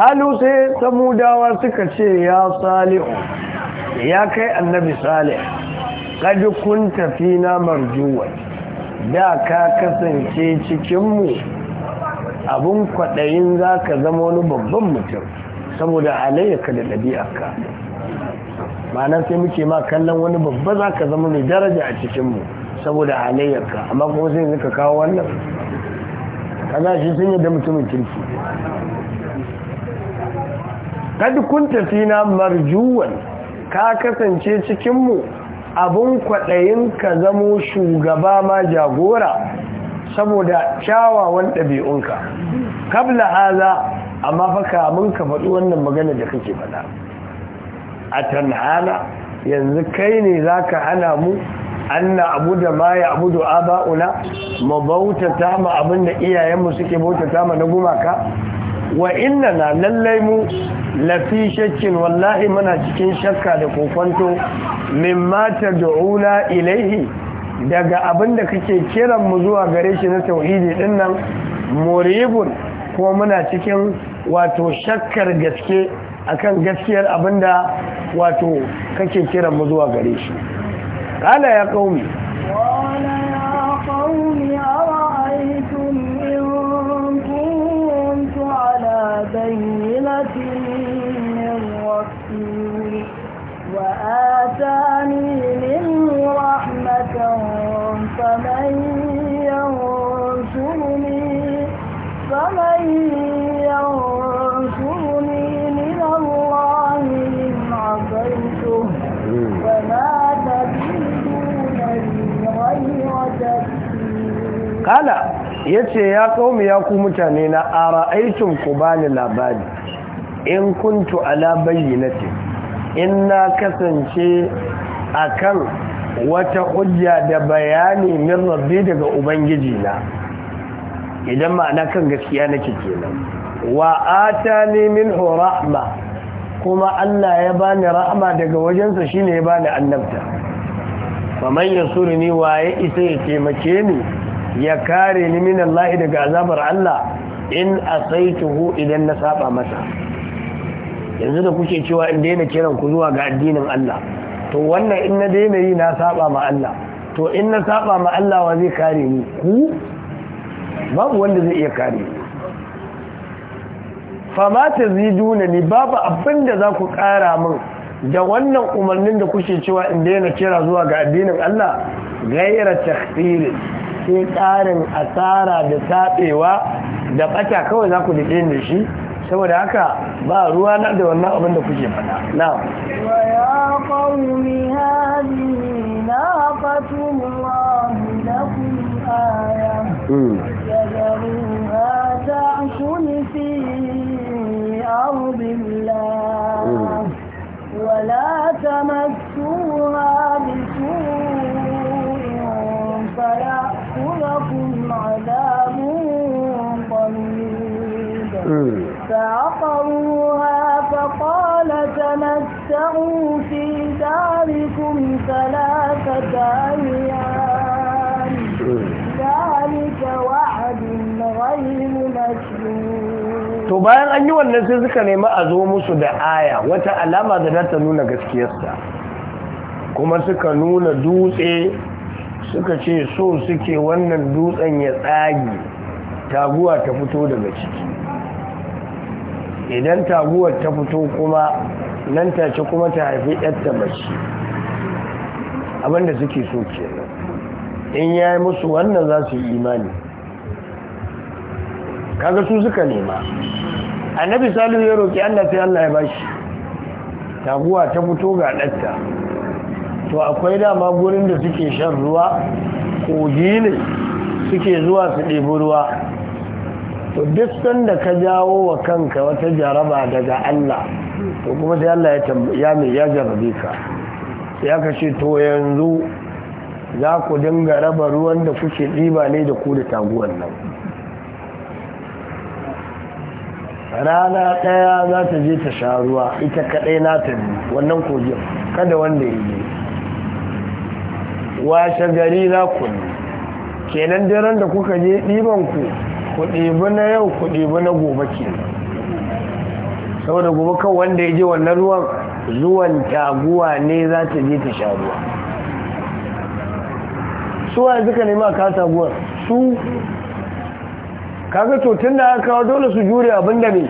halu sai samudawa suka ce ya salihu ya kai annabi salih kaji kun tafi na marjuwa da ka kasance cikinmu abin kwaɗayin za ka zama wani babban mutum saboda alayyaka da ɗabi'arka ma'ana sai muke ma kallon wani babba za ka zama mai daraja a cikinmu saboda alayyarka amma kuma sai ka kawo wannan kaga shi sun da mutumin kirki kad kunta fina marjuwan ka kasance cikin mu abun kwaɗayin ka zamo shugaba ma jagora saboda kyawawan ɗabi'unka kabla haza amma fa kamun ka faɗi wannan magana da kake faɗa a tanhana yanzu kai ne za ka hana mu an na abu da ma ya abu da aba'una ma bautata ma abin da iyayenmu suke bautata ma na gumaka wa inna lallai mu lafi shakkin wallahi muna cikin shakka da kokonto mata tad'una ilaihi daga abin da kake kiran mu zuwa gare shi na tauhidi din nan muribun ko muna cikin wato shakkar gaske akan gaskiyar abinda wato kake kiran mu zuwa gare shi qala ya qaumi بينة من ربي وآتاني منه رحمة فمن ينصرني فمن ينصرني من الله إن عصيته فما تجدون لي غير تكفير قال ya ce ya kawo ya ku mutane na ara aikin ku bani labari in kuntu ala bayyinati in na kasance a kan wata hujja da bayani min rabbi daga ubangiji na idan ma'ana kan gaskiya nake kenan wa atani min rahma kuma Allah ya bani rahma daga wajensa shine ya bani annabta faman yasurni waye isa ya taimake ni ya kare ni min Allah daga azabar Allah in asaituhu idan na saba masa yanzu da kuke cewa in daina kiran ku zuwa ga addinin Allah to wannan in na daina yi na saba ma Allah to in na saba ma Allah wa zai kare ni ku babu wanda zai iya kare ni fama ta ziduna ni babu abinda za ku kara min da wannan umarnin da kuke cewa in daina kira zuwa ga addinin Allah gaira takfirin sai ƙarin asara da taɓewa da ɓata kawai za ku daɗe da shi saboda haka ba ruwa na da wannan abin da kuke faɗa na ويا قوم هذه ناقة الله لكم آية فذروها تعشل في أرض الله ولا تمسوها بسوء عذاب قريب فعقروها فقال تمتعوا في داركم ثلاثة أيام ذلك وعد غير مكذوب to bayan an yi wannan sai suka nemi a zo musu da aya wata alama da za ta nuna gaskiyarsa kuma suka nuna dutse suka ce so suke wannan dutsen ya tsage taguwa ta fito daga ciki idan taguwar ta fito kuma nan ta ci kuma ta haifi yadda mace abinda suke so ke nan, in ya yi musu wannan za su yi imani kaga su suka nema annabi salihu ya roƙi allah sai allah ya bashi taguwa ta fito ga ɗatta to akwai dama gurin da suke shan ruwa kogi ne suke zuwa su ɗebi ruwa to duk sanda ka jawo wa kanka wata jaraba daga Allah to kuma sai Allah ya mai ya jarabe ka ya kace to yanzu za ku dinga raba ruwan da kuke ɗiba ne da ku da taguwan nan rana ɗaya za ta je ta sha ruwa ita kaɗai na ta wannan kogin kada wanda ya yi. washe gari za ku kenan daren da kuka je ɗiban ku ɗibi na yau ku ɗibi na gobe ke saboda gobe kan wanda ya je wannan ruwan zuwan taguwa ne za ta je ta sha ruwa suwa suka nema ka taguwar su kaga to tun da aka kawo dole su jure abinda ne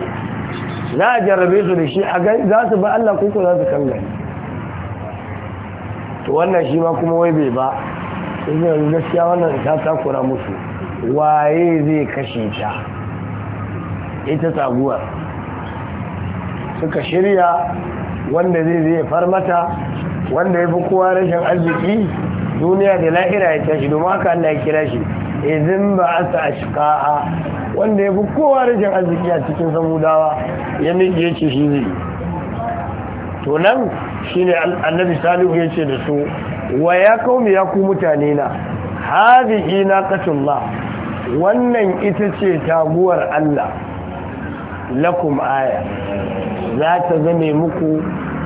za a jarrabe su da shi za su ba Allah kuku za su kan gani to wannan shi ma kuma wai bai ba in yanzu gaskiya wannan ta takura musu waye zai kashe ta ita taguwar suka shirya wanda zai zai far mata wanda ya fi kowa rashin arziki duniya da lahira ya tashi domin haka Allah ya kira shi izin ba a sa a. wanda ya fi kowa rashin arziki a cikin samudawa ya miƙe ce shi zai to nan shine annabi salihu ya ce da su wa ya kaumi ya ku mutane na hadhihi naqatullah wannan ita ce taguwar Allah lakum aya za ta zame muku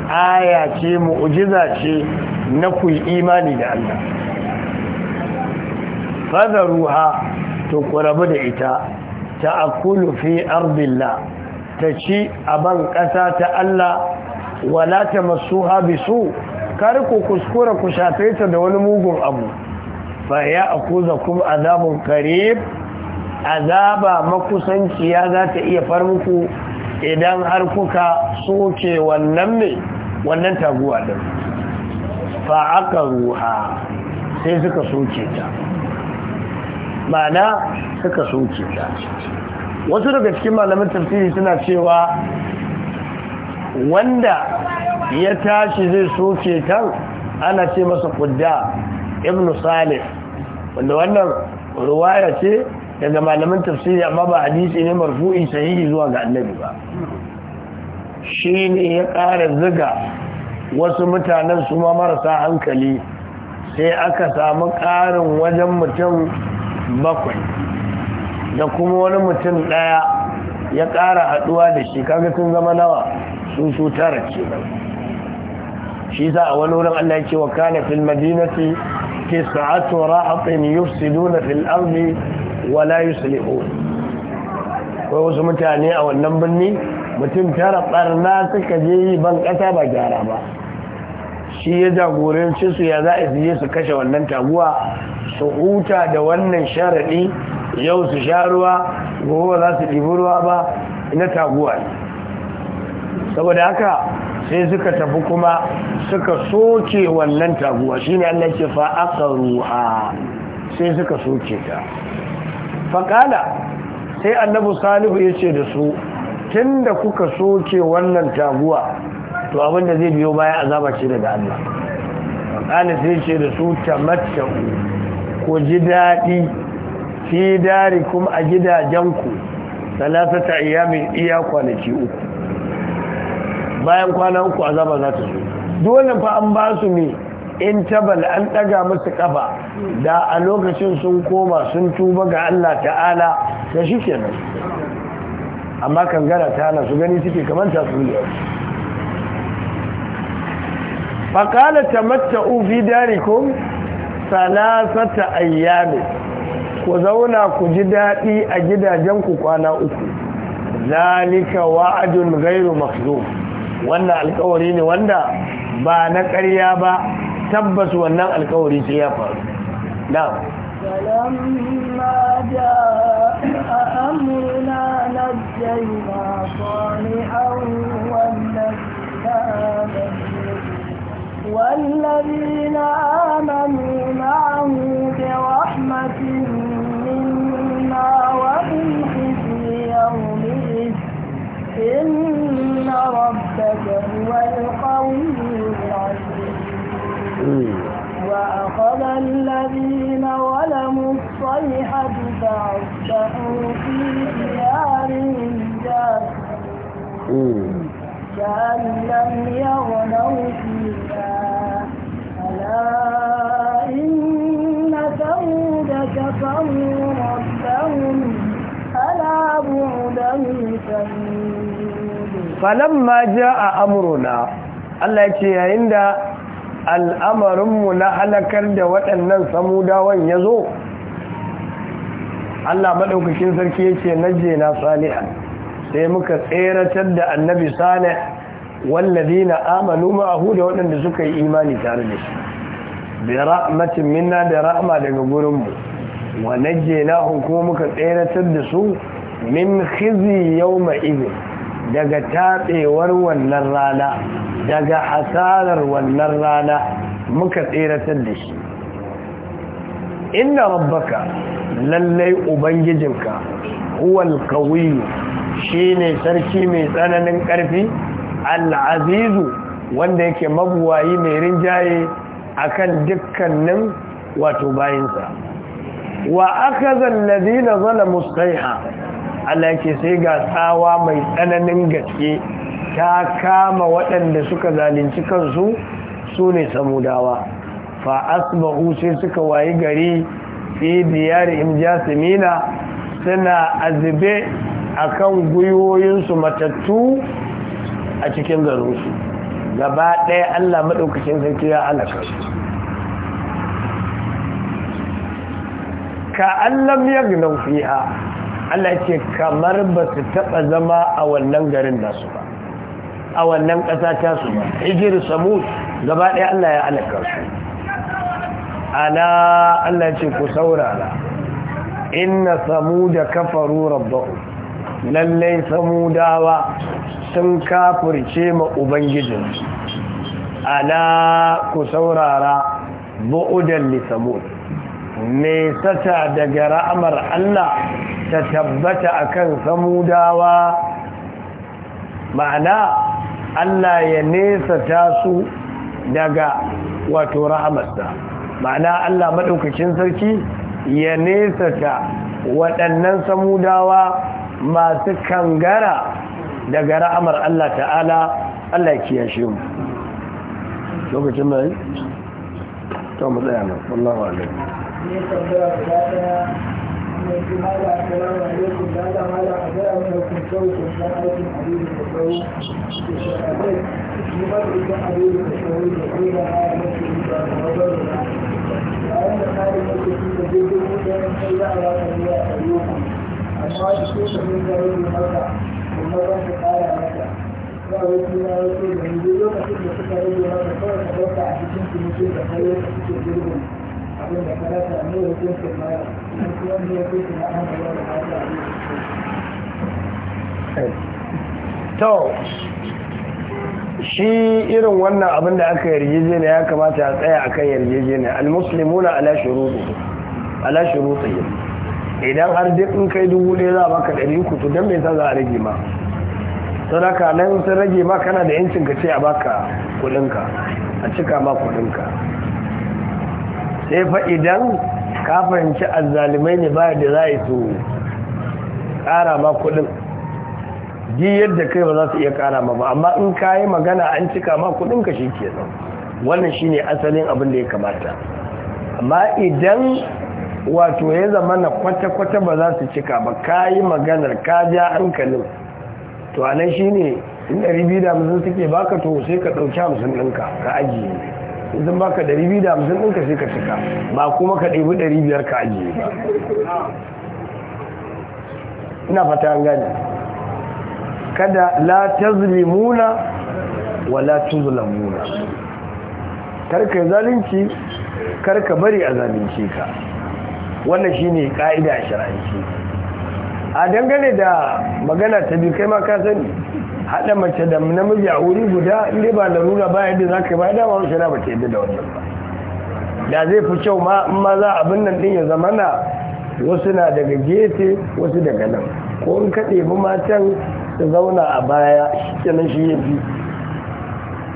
aya ce mu'jiza ce na ku imani da Allah fadaruha to ku rabu da ita ta'akulu fi ardillah ta ci a ban ƙasa ta Allah wala ta habi bisu kar ku kuskura ku shafe ta da wani mugun abu fa ya akuza kuma azabun kare. azaba makusanciya za ta iya far muku idan har kuka soke wannan ne wannan taguwa din fa aka ruha sai suka soke ta mana suka soke ta wasu daga cikin malamin tafsiri suna cewa wanda ya tashi zai soke kan ana ce masa kudda ibn salih wanda wannan ruwaya ce daga malamin tafsiri amma ba hadisi ne marfu'i sahihi zuwa ga annabi ba shi ne ya ƙara ziga wasu mutanen su ma marasa hankali sai aka samu ƙarin wajen mutum bakwai da kuma wani mutum ɗaya ya ƙara haɗuwa da shi kaga sun zama nawa su su tara ce shi za a wani wurin Allah yake wa kana fil madinati tis'atu rahatin yufsiduna fil ardi wa la yuslihun ko wasu mutane a wannan birni mutum tara barna suka je yi ban kasa ba gyara ba shi ya jagoranci su ya za a je su kashe wannan taguwa su huta da wannan sharaɗi yau su sha ruwa gobe za su ɗibi ruwa ba na taguwa ne saboda haka sai suka tafi kuma suka soke wannan taguwa shine Allah ce fa ruwa sai suka soke ta faƙala sai Annabu salihu ya ce da su tun da kuka soke wannan taguwa to abinda zai biyo baya azaba ce daga Allah faƙala sai ce da su tamattu ku ji daɗi fi kuma a gidajenku salasata mai iya kwanaki uku bayan kwana uku azaba za ta zo dole fa an ba su ne in tabal an daga musu kafa da a lokacin sun koma sun tuba ga Allah ta'ala da shi nan amma kangara ta hana su gani suke kamar ta su yi fakala tamatta'u fi darikum salasata ayyami ku zauna ku ji daɗi a gidajen ku kwana uku zalika wa'adun ghairu mahzum wannan alkawari ne wanda ba na karya ba tabbas wannan alkawari sai ya faru da lamma da na jaiwa kone والذين ربك هو القوي العزيز وأخذ الذين ولموا الصيحة فأصبحوا في ديارهم جاثمين كأن لم يغنوا فيها ألا إن ثمود كفروا ربهم ألا بعدا لثمود ma ja a amruna Allah ce yayin da al'amarinmu na halakar da waɗannan samudawan ya zo Allah maɗaukakin sarki ya ce na je na salihan sai muka tseratar da annabi salih wallazi na amanu ma'ahu da waɗanda suka yi imani tare da shi bi ra'amacin minna da ra'ama daga gurinmu wa na je na hukumuka tseratar da su min khizi yau ma'izin daga taɓewar wannan rana daga hasarar wannan rana muka tseratar da shi inda rabbaka lallai ubangijinka huwal shi ne sarki mai tsananin ƙarfi, al'azizu wanda yake mabuwayi mai rinjaye a kan dukkanin wato bayinsa wa aka akaza zala zana ha? Allah sai ga tsawa mai tsananin gaske ta kama waɗanda suka zalunci kansu su ne samudawa fa asbahu sai suka wayi gari fi diyarihim jasimina suna azube akan gwiwoyinsu matattu a cikin garinsu gaba ɗaya Allah maɗaukacin sarki ya alaka ka allam ya fiha Allah ce kamar ba su taɓa zama a wannan garin su ba a wannan ƙasa ta su ba hijir samu gaba ɗaya Allah ya alaka su ana Allah ce ku saurara inna da kafaru rabbahu lallai samu dawa sun kafurce ma ubangijinsu ana ku saurara bu'udan li samud me sata daga ra'amar Allah ta tabbata akan samudawa ma'ana Allah ya nesa tasu daga wato rahamarsa ma'ana Allah maɗaukacin sarki ya nesa ta waɗannan samudawa masu kangara daga ra'amar Allah ta'ala Allah ya kiyashe mu lokacin mai ta mu tsaya nan wallahi alaikum ne tambaya guda ɗaya mai a mala assalamu a gaya mana kunsau kunsan aikin aliyu da tsawo da tsawo da da da da za a wata ne amma da zai za da yanzu lokacin da suka a cikin to shi irin wannan abin da aka yarjejeniya ya kamata a tsaya a kan yarjejeniya almuslimuna ala shuruɗu ala yi. idan har duk in kai dubu ɗaya za a baka ɗari kutu don me zaza za a rage ma ka nan sun rage ma kana da yancin ka ce a baka kuɗinka a cika ma kuɗinka sai fa idan ka fahimci azzalimai ne bayan da za a yi su ƙara ma kuɗin ji yadda kai ba za su iya kara ma ba amma in ka yi magana an cika ma kuɗin ka shi ke nan wannan shi ne asalin abin da ya kamata amma idan wato ya zama na kwata-kwata ba za su cika ba ka yi maganar ka ja hankalin to a nan shi ne in 250 suke baka to sai ka ɗauki hamsin ɗinka ka ajiye idan baka hamsin ɗinka sai ka cika ba kuma ka ɗebi biyar ka ajiye ba ina fata an gani kada la muna wa la muna karka zalunci karka bari a zalunce ka wannan shine ka'ida a shi a dangane da magana ta biyu kai ma ka sani haɗa mace da namiji a wuri guda inda ba larura ba yadda za ka ba dama wasu na bata yadda da wannan ba da zai fi kyau ma in ma za abin nan ɗin ya zama na wasu na daga gefe wasu daga nan ko in ka ɗebi matan su zauna a baya shi kenan shi ya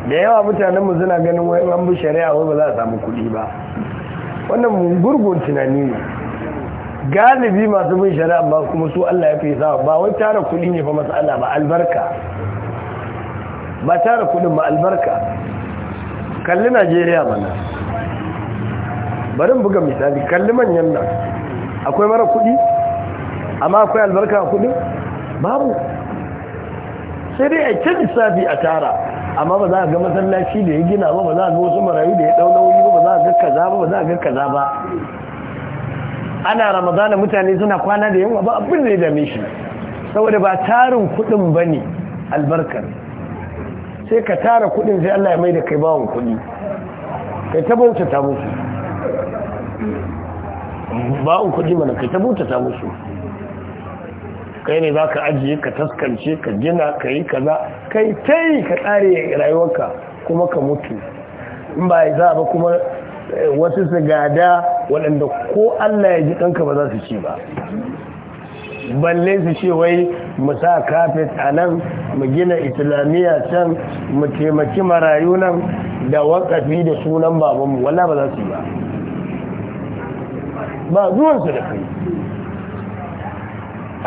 da yawa mutanen mu suna ganin wai an bi shari'a wai ba za a samu kuɗi ba wannan mun gurgun tunani ne galibi masu bin shari'a ba kuma su Allah ya fi sa ba wai tara kuɗi ne fa matsala ba albarka ba tara kuɗin ba albarka kalli Najeriya mana bari buga misali kalli manyan nan akwai mara kuɗi amma akwai albarka a kuɗin babu sai dai a ce lissafi a tara amma ba za a ga masallaci da ya gina ba ba za a ga wasu marayu da ya ɗau nauyi ba ba za a ga kaza ba ba za a ga kaza ba ana ramadana mutane suna kwana da yawa ba abin da ya dame shi saboda ba tarin kudin ba ne albarkar sai ka tara kudin sai Allah ya mai da kai bawon kudi kai ta bauta ta musu bawon kudi mana kai ta bauta ta musu kai ne za ka ajiye ka taskance ka gina ka yi kaza kai ta yi ka tsare rayuwarka kuma ka mutu in ba za ba kuma wasu su gada waɗanda ko Allah ya ji ɗanka ba za su ci ba balle su ce wai mu sa kafet a nan mu gina islamiyya can mu taimaki marayu nan da wakafi da sunan babanmu wala ba za su yi ba ba zuwansu da kai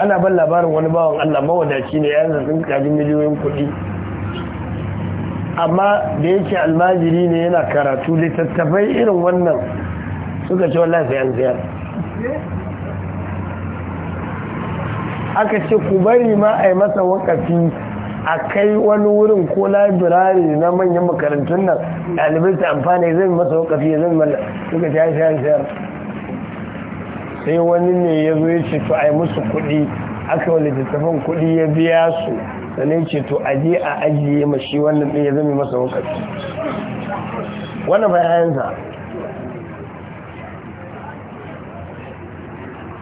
ana ban labarin wani bawan allah mawadaci ne yanzu sun kaji miliyoyin kuɗi amma da yake almajiri ne yana karatu littattafai irin wannan suka ce wallahi sai an ziyar aka ce ku bari ma a yi masa wakafi a kai wani wurin ko labirari na manyan makarantun nan ɗalibai ta amfani zai masa wakafi ya zai mallaka suka ce ya sayar sayar sai wani ne ya zo ya ce to a yi musu kuɗi aka wani littattafan kuɗi ya biya su sannan ce to aje a ajiye mashi wannan ɗaya zama masa wakafi wannan bayansa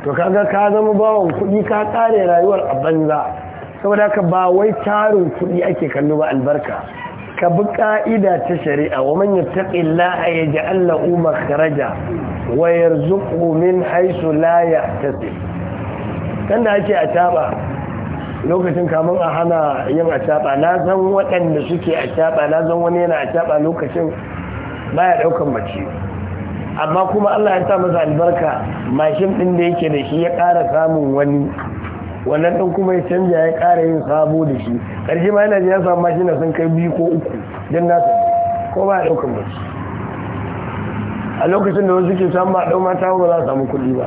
to kaga ka zama bawon kuɗi ka ƙare rayuwar a banza saboda ka ba wai tarin kuɗi ake kallo ba albarka ka bi ƙa'ida ta shari'a wa manyan yattaqi Allah ya allah umar karaja wa yarzuqhu min haythu la yahtasib kan da ake a taba lokacin kamun a hana yin acaba na zan waɗanda suke acaba na zan wani yana acaba lokacin baya ɗaukan mace amma kuma Allah ya sa masa albarka mashin ɗin da yake da shi ya ƙara samun wani wannan ɗin kuma ya canja ya ƙara yin sabo da shi ƙarshe ma yana ji ya samu da sun kai biyu ko uku don nasa ko ba ya ɗaukan mace a lokacin da wasu ke samu ba ɗau mata ba za su samu kuɗi ba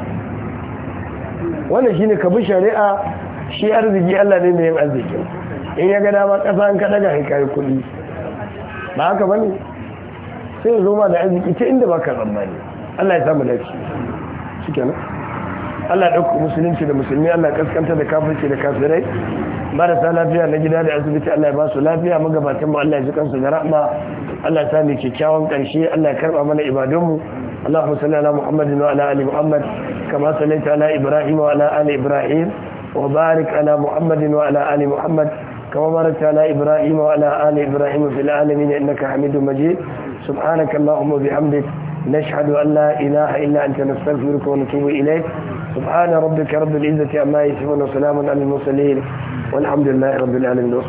wannan shine ka bi shari'a shi arziki Allah ne mai yin arzikin in ya ga dama ƙasa an kaɗa ga haikayi kuɗi ba haka ba ne sai zo ma da arziki ta inda ba ka tsammani Allah ya samu lafiya shi kenan Allah ya dauki musulunci da musulmi Allah ya kaskanta da kafirci da kafirai marasa lafiya na gida da asibiti Allah ya ba su lafiya magabatan mu Allah ya ji kansu da rahma Allah ya sa mu kyakkyawan ƙarshe Allah ya karɓa mana ibadunmu اللهم صل على محمد وعلى ال محمد كما صليت على ابراهيم وعلى ال ابراهيم وبارك على محمد وعلى آل محمد كما باركت على إبراهيم وعلى آل إبراهيم في العالمين إنك حميد مجيد سبحانك اللهم وبحمدك نشهد أن لا إله إلا أنت نستغفرك ونتوب إليك سبحان ربك رب العزة عما يصفون وسلام على المرسلين والحمد لله رب العالمين